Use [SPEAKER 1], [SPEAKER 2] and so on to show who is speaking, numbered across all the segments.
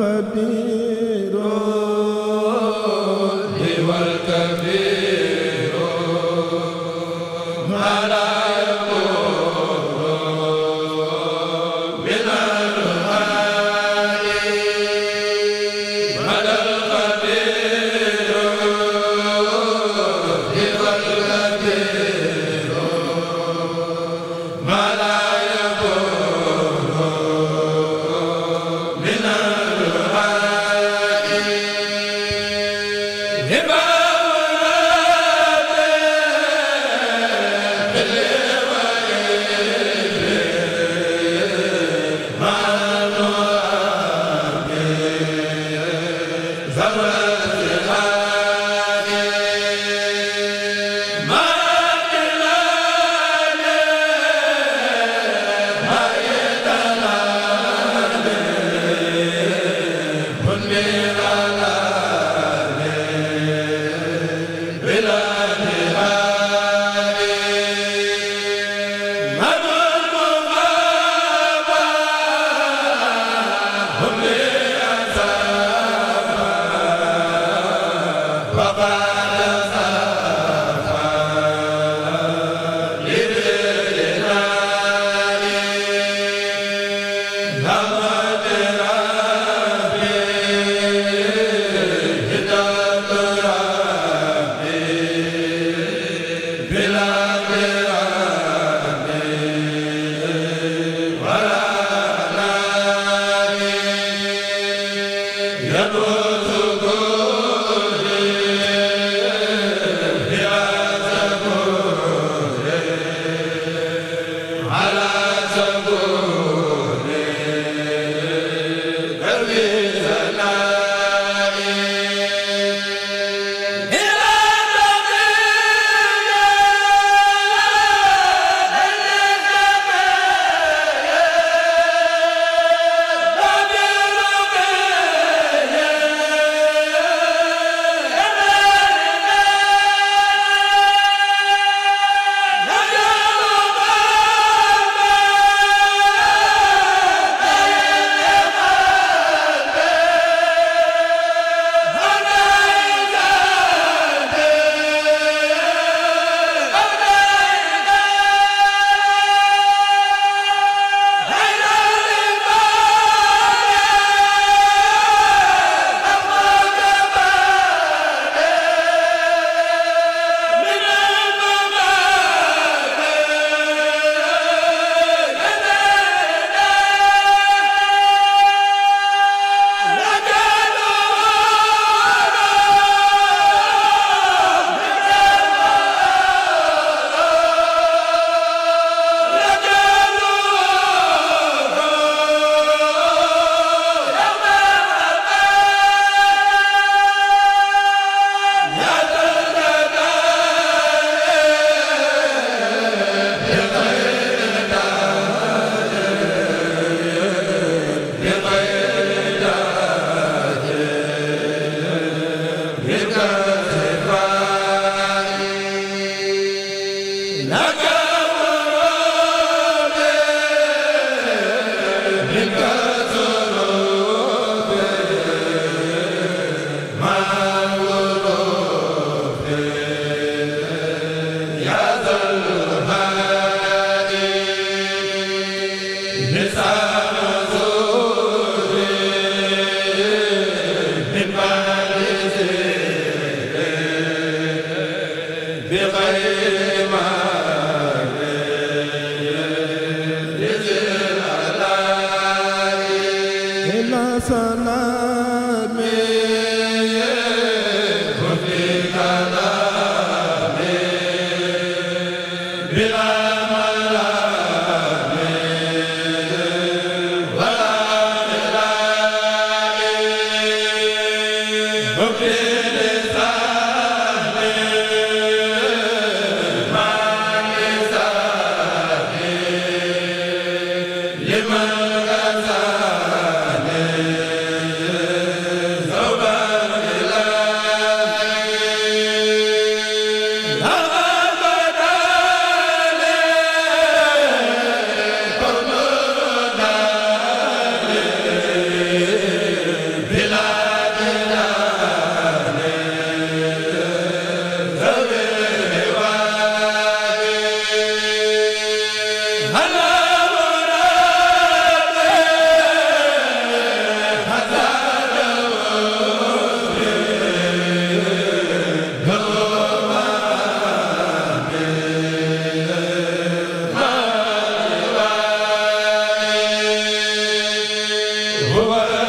[SPEAKER 1] xabiir Baba baba sa ma huwa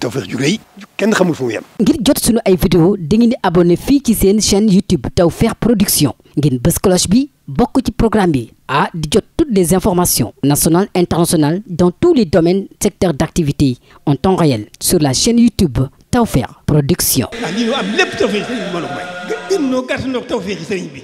[SPEAKER 1] Tawfekh ju rëy kenn xamul fu mu yem ngir jot sunu ay vidéo dangeen di abonné fii ci seen chaîne YouTube Tawfekh Production ngeen bës cloche bi bokk ci programme bi ah di jot toutes les informations nationales internationales dans tous les domaines secteurs d'activité en temps réel sur la chaîne YouTube Tawfekh Production. ah lii am lépp tawfeex ci sëriñ bi mbooloo mooy gën gën ñoo gàtt ñoo ak tawfeex ci sëriñ bi.